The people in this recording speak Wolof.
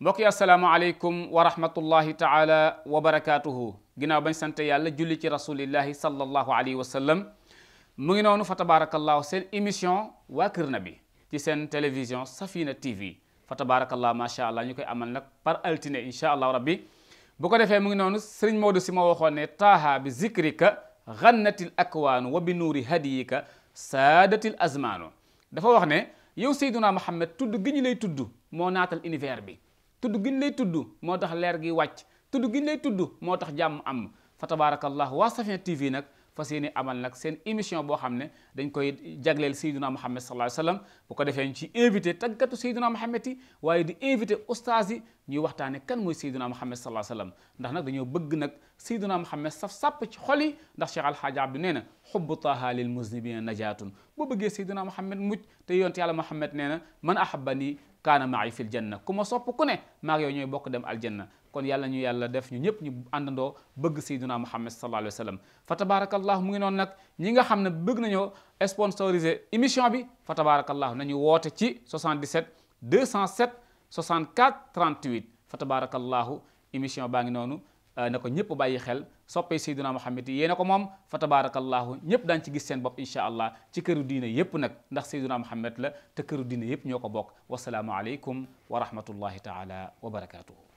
mbokk yi asalaamaaleykum wa rahmatullahi taala wa barakaatuhu bañ sant yàlla julli ci rasulillahi sallallahu alayhi wa mu ngi noonu fa tabaarakallahu seen émission waa Kër Nabi ci seen télévision Safina TV fa tabaarakallahu macha allah ñu koy amal nag par altine incha rabbi bu ko defee mu ngi noonu Serigne Maodo si ma waxoon ne taaha bi zikrika غنت الأكوان وبنور هديك سادت الأزمان دفا واخني يو سيدنا محمد تود غي لي تود مو نات الانيفير بي تود غي لي تود موتاخ لير غي واتش تود غي لي تود موتاخ جام ام فتبارك الله واسفين تي في نك fasiyene amal nak seen émission bo xamne dañ koy jaglel sayyiduna muhammad sallallahu alayhi wasallam bu ko defé ci invité tagatu sayyiduna Mouhamed yi waaye di invité ustaas yi ñuy waxtaane kan moy sayyiduna muhammad sallallahu alayhi wasallam ndax nak dañu bëgg nak sayyiduna muhammad saf sap ci xoli ndax Cheikh Alhaaj abdou neena hubbu xubbu taha lil muznibina najatun bu bëgge sayyiduna muhammad mucc te yonent yàlla muhammad neena man ahabani kaana maay fil janna ku ma sopp ku ne maag yow ñooy bokk dem aljanna kon yàlla ñu yàlla def ñu ñëpp ñu àndandoo bëgg sayduna muhammad sallallahu alayhi wa sallam fa tabarakallahu mu ngi noonu nag ñi nga xam ne bëgg nañoo sponsoriser émission bi fa na ñu woote ci 77 207 64 38 fa tabarakallahu émission baa ngi noonu na ko ñëpp bàyyi xel soppee Seydina Muhammad yi yéena ko moom fa tabarakallahu ñëpp daan ci gis seen bopp incha allah ci këru diine yépp nag ndax Seydina Muhammad la te këru diine yépp ñoo ko bokk wasalaamu aleykum wa rahmatullahi taala wa barakatuhu